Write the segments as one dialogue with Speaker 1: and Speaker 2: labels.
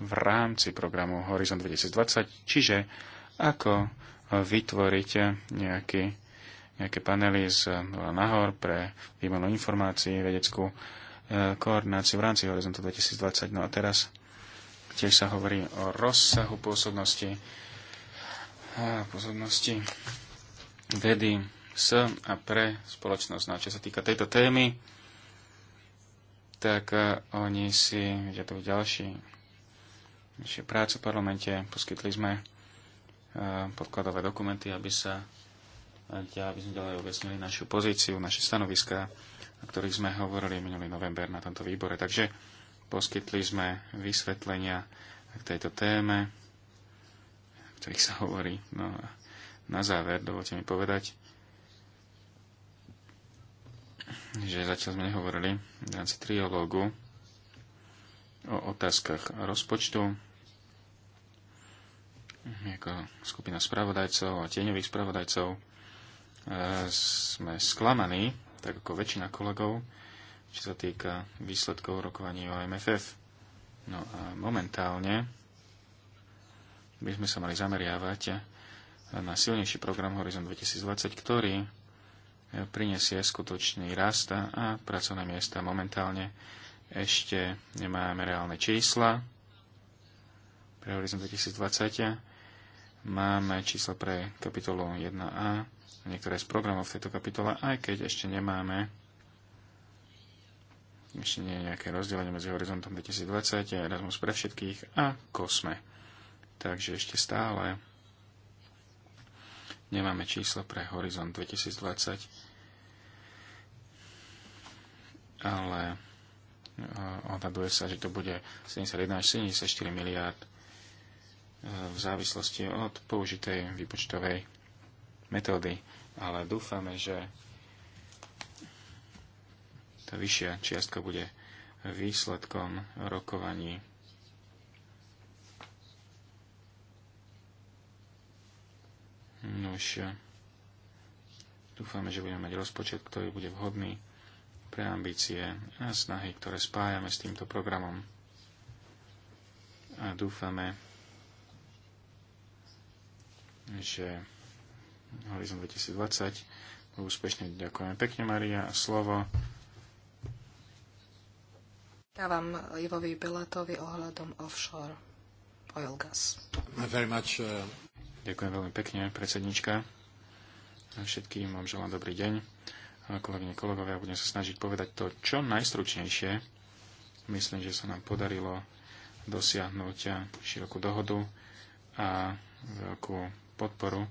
Speaker 1: v rámci programu Horizon 2020, čiže ako vytvoriť nejaký, nejaké panely z nahor pre výmenu informácií, vedeckú e, koordináciu v rámci Horizontu 2020. No a teraz tiež sa hovorí o rozsahu pôsobnosti, pôsobnosti vedy s a pre spoločnosť. No, čo sa týka tejto témy, tak e, oni si, vidia to ďalší našej práce v parlamente. Poskytli sme e, podkladové dokumenty, aby sa e, aby sme ďalej objasnili našu pozíciu, naše stanoviská, o ktorých sme hovorili minulý november na tomto výbore. Takže poskytli sme vysvetlenia k tejto téme, o ktorých sa hovorí. No a na záver dovolte mi povedať, že zatiaľ sme nehovorili v rámci triológu o otázkach rozpočtu. Ako skupina spravodajcov a tieňových spravodajcov e, sme sklamaní, tak ako väčšina kolegov, čo sa týka výsledkov rokovaní o MFF. No a momentálne by sme sa mali zameriavať na silnejší program Horizon 2020, ktorý prinesie skutočný rast a pracovné miesta momentálne ešte nemáme reálne čísla. Pre Horizon 2020 máme čísla pre kapitolu 1a, niektoré z programov v tejto kapitole, aj keď ešte nemáme ešte nie je nejaké rozdelenie medzi Horizontom 2020 a Erasmus pre všetkých a Kosme. Takže ešte stále nemáme číslo pre Horizont 2020, ale odhaduje sa, že to bude 71 až 74 miliárd e, v závislosti od použitej výpočtovej metódy. Ale dúfame, že tá vyššia čiastka bude výsledkom rokovaní Nož, dúfame, že budeme mať rozpočet, ktorý bude vhodný pre ambície a snahy, ktoré spájame s týmto programom. A dúfame, že Horizon 2020 bol úspešný. Ďakujeme pekne, Maria. A slovo Dávam Ivovi Belatovi ohľadom offshore oil gas. Much, uh... Ďakujem veľmi pekne, predsednička. Všetkým vám želám dobrý deň kolegyne, kolegovia, budem sa snažiť povedať to čo najstručnejšie. Myslím, že sa nám podarilo dosiahnuť širokú dohodu a veľkú podporu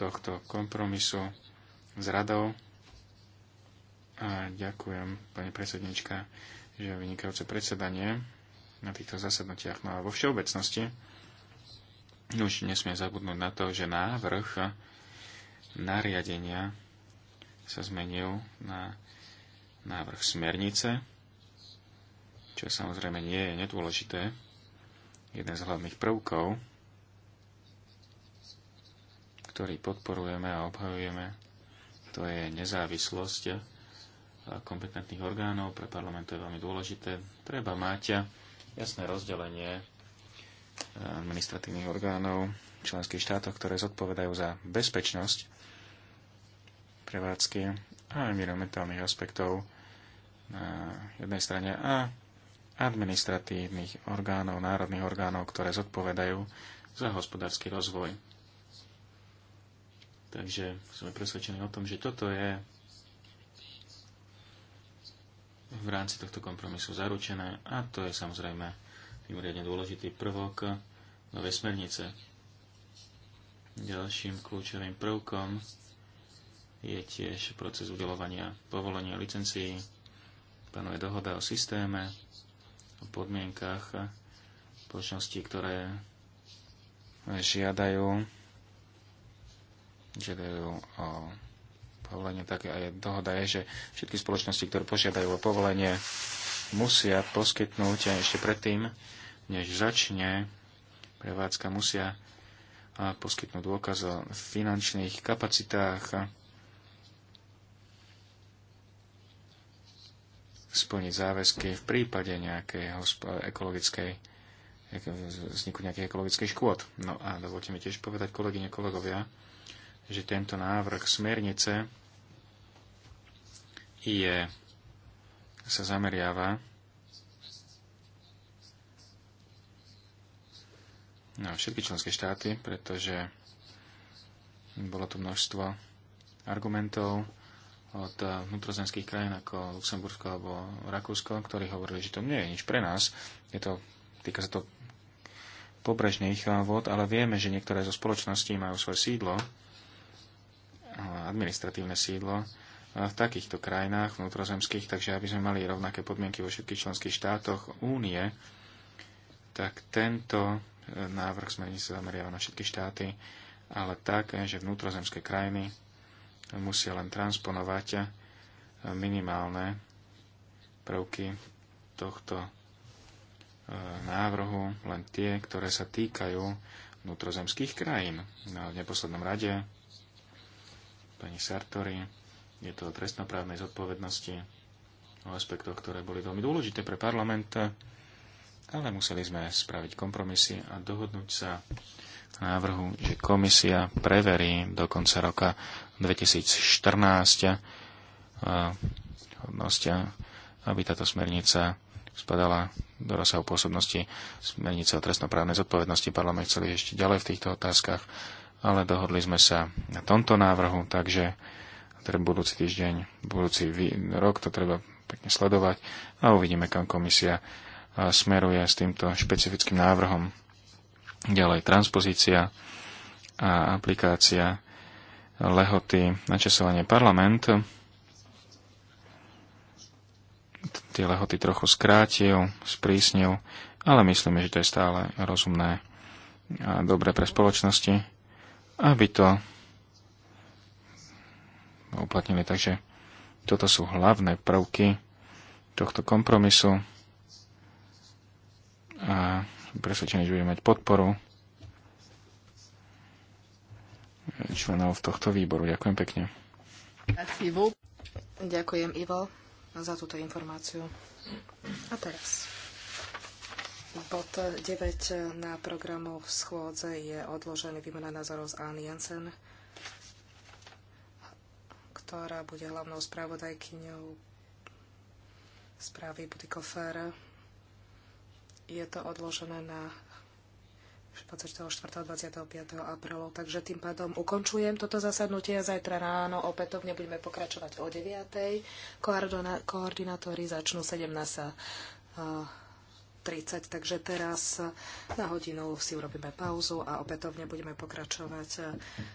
Speaker 1: tohto kompromisu s radou. A ďakujem, pani predsednička, že vynikajúce predsedanie na týchto zasadnutiach. No a vo všeobecnosti už nesmie zabudnúť na to, že návrh nariadenia sa zmenil na návrh smernice, čo samozrejme nie je nedôležité. Jeden z hlavných prvkov, ktorý podporujeme a obhajujeme, to je nezávislosť kompetentných orgánov. Pre parlament to je veľmi dôležité. Treba mať jasné rozdelenie administratívnych orgánov členských štátov, ktoré zodpovedajú za bezpečnosť prevádzky a environmentálnych aspektov na jednej strane a administratívnych orgánov, národných orgánov, ktoré zodpovedajú za hospodársky rozvoj. Takže sme presvedčení o tom, že toto je v rámci tohto kompromisu zaručené a to je samozrejme mimoriadne dôležitý prvok novej smernice. Ďalším kľúčovým prvkom je tiež proces udelovania povolenia licencií, panuje dohoda o systéme, o podmienkach spoločnosti, ktoré žiadajú, žiadajú o povolenie, tak aj dohoda je, že všetky spoločnosti, ktoré požiadajú o povolenie, musia poskytnúť a ešte predtým, než začne prevádzka, musia poskytnúť dôkaz o finančných kapacitách, splniť záväzky v prípade nejakej ekologickej vzniku nejakých ekologických škôd. No a dovolte mi tiež povedať, kolegyne, kolegovia, že tento návrh smernice je, sa zameriava na všetky členské štáty, pretože bolo tu množstvo argumentov, od eh, vnútrozemských krajín ako Luxembursko alebo Rakúsko, ktorí hovorili, že to nie je nič pre nás. Je to, týka sa to pobrežných eh, vod, ale vieme, že niektoré zo spoločností majú svoje sídlo, eh, administratívne sídlo v takýchto krajinách vnútrozemských, takže aby sme mali rovnaké podmienky vo všetkých členských štátoch únie, tak tento návrh smerní sa zameriava na všetky štáty, ale tak, že vnútrozemské krajiny musia len transponovať eh, minimálne prvky tohto eh, návrhu, len tie, ktoré sa týkajú vnútrozemských krajín. No, v neposlednom rade pani Sartori je to o trestnoprávnej zodpovednosti, o aspektoch, ktoré boli veľmi dôležité pre parlament, ale museli sme spraviť kompromisy a dohodnúť sa návrhu, že komisia preverí do konca roka 2014 aby táto smernica spadala do rozsahu pôsobnosti smernice o trestnoprávnej zodpovednosti. Parlament chceli ešte ďalej v týchto otázkach, ale dohodli sme sa na tomto návrhu, takže ten budúci týždeň, budúci rok to treba pekne sledovať a uvidíme, kam komisia smeruje s týmto špecifickým návrhom. Ďalej transpozícia a aplikácia lehoty na časovanie parlament tie lehoty trochu skrátil, sprísnil, ale myslíme, že to je stále rozumné a dobré pre spoločnosti, aby to uplatnili. Takže toto sú hlavné prvky tohto kompromisu a presvedčený, že budeme mať podporu členov tohto výboru. Ďakujem pekne. Ďakujem, Ivo, za túto informáciu. A teraz. Bod 9 na programu v schôdze je odložený výmena názorov z Anne Jensen, ktorá bude hlavnou spravodajkyňou správy Butikofér. Je to odložené na 24. a 25. aprílu. Takže tým pádom ukončujem toto zasadnutie zajtra ráno opätovne budeme pokračovať o 9. Koordinátori začnú 17.30, takže teraz na hodinu si urobíme pauzu a opätovne budeme pokračovať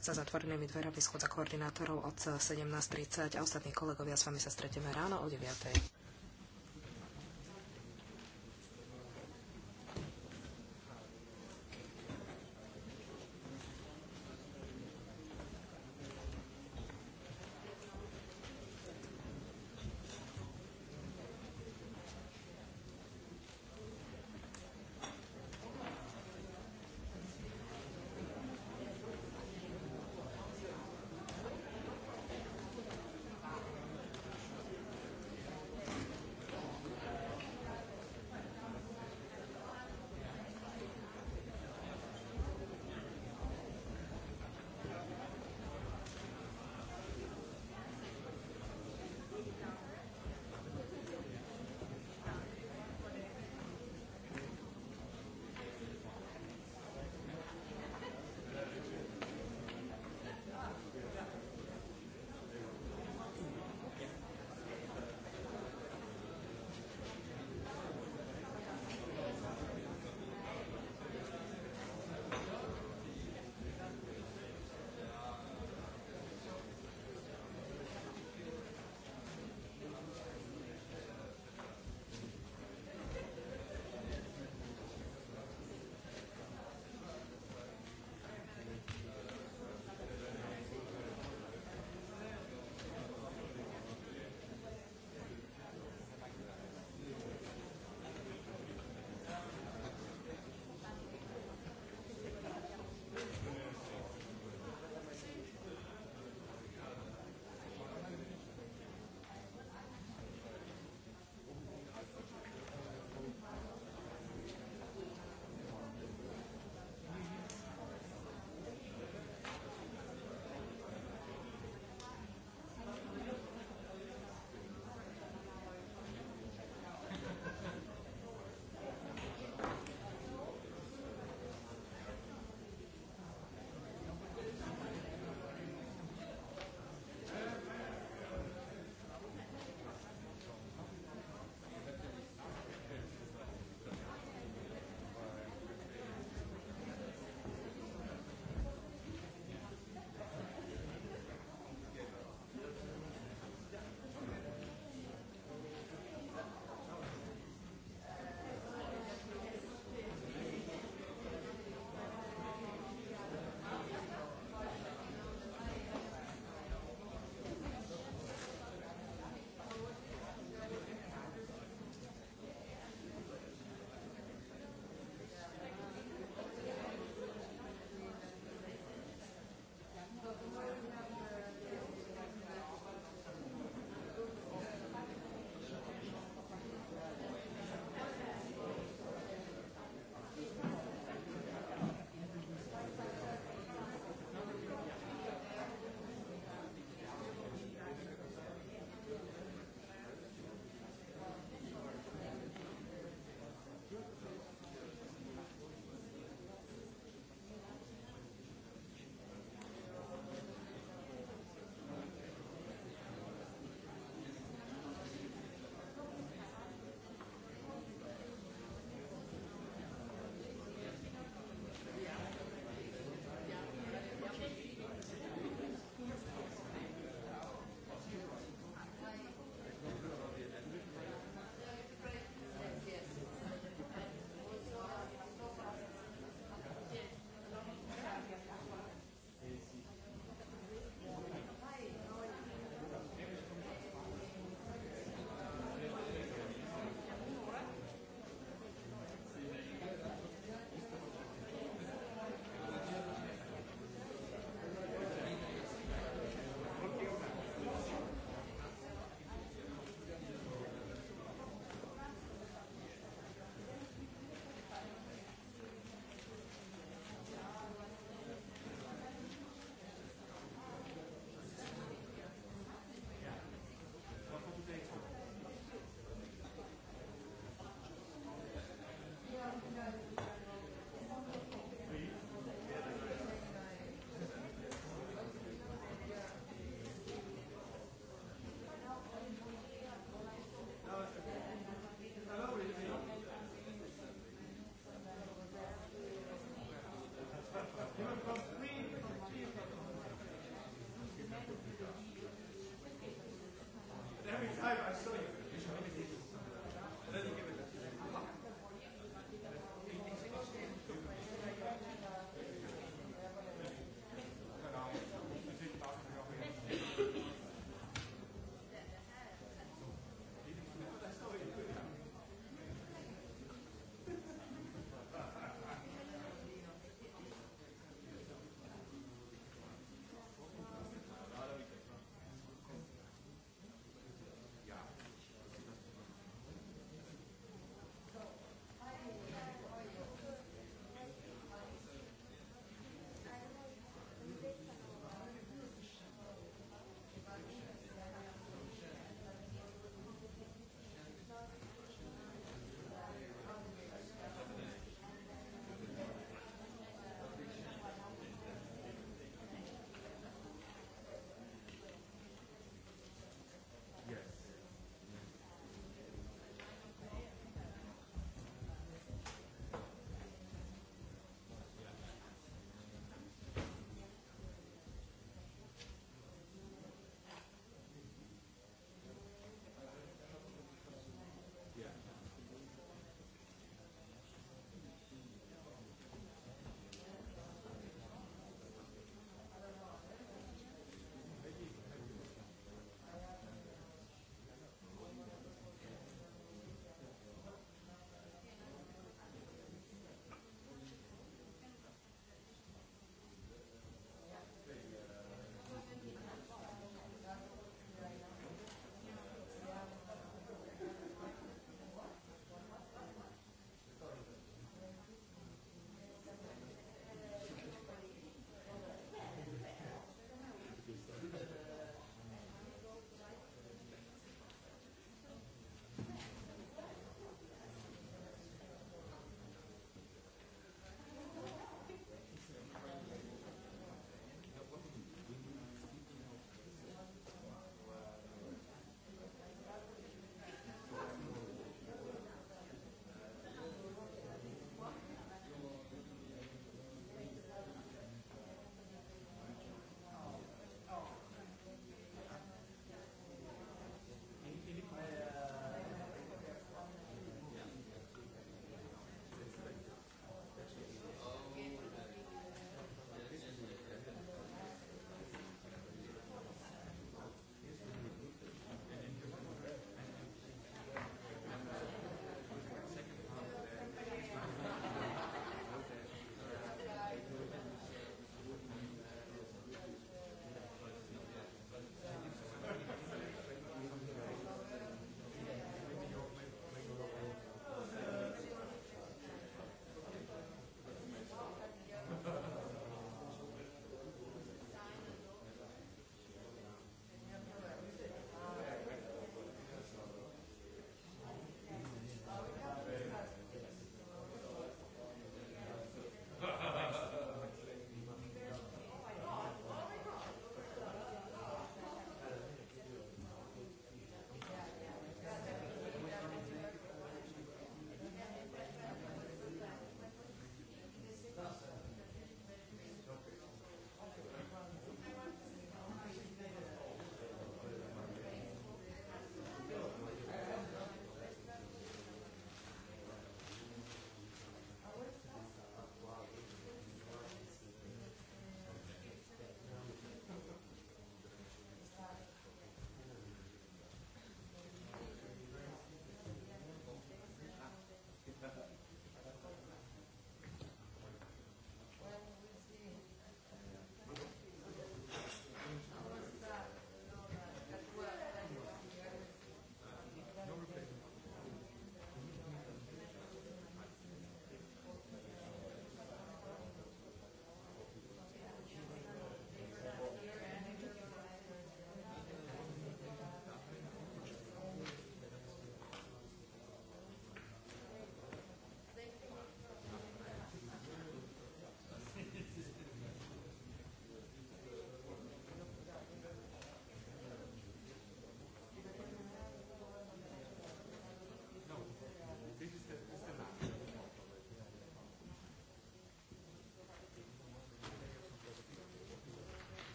Speaker 1: za zatvorenými dverami schôdza koordinátorov od 17.30 a ostatní kolegovia s vami sa stretieme ráno o 9.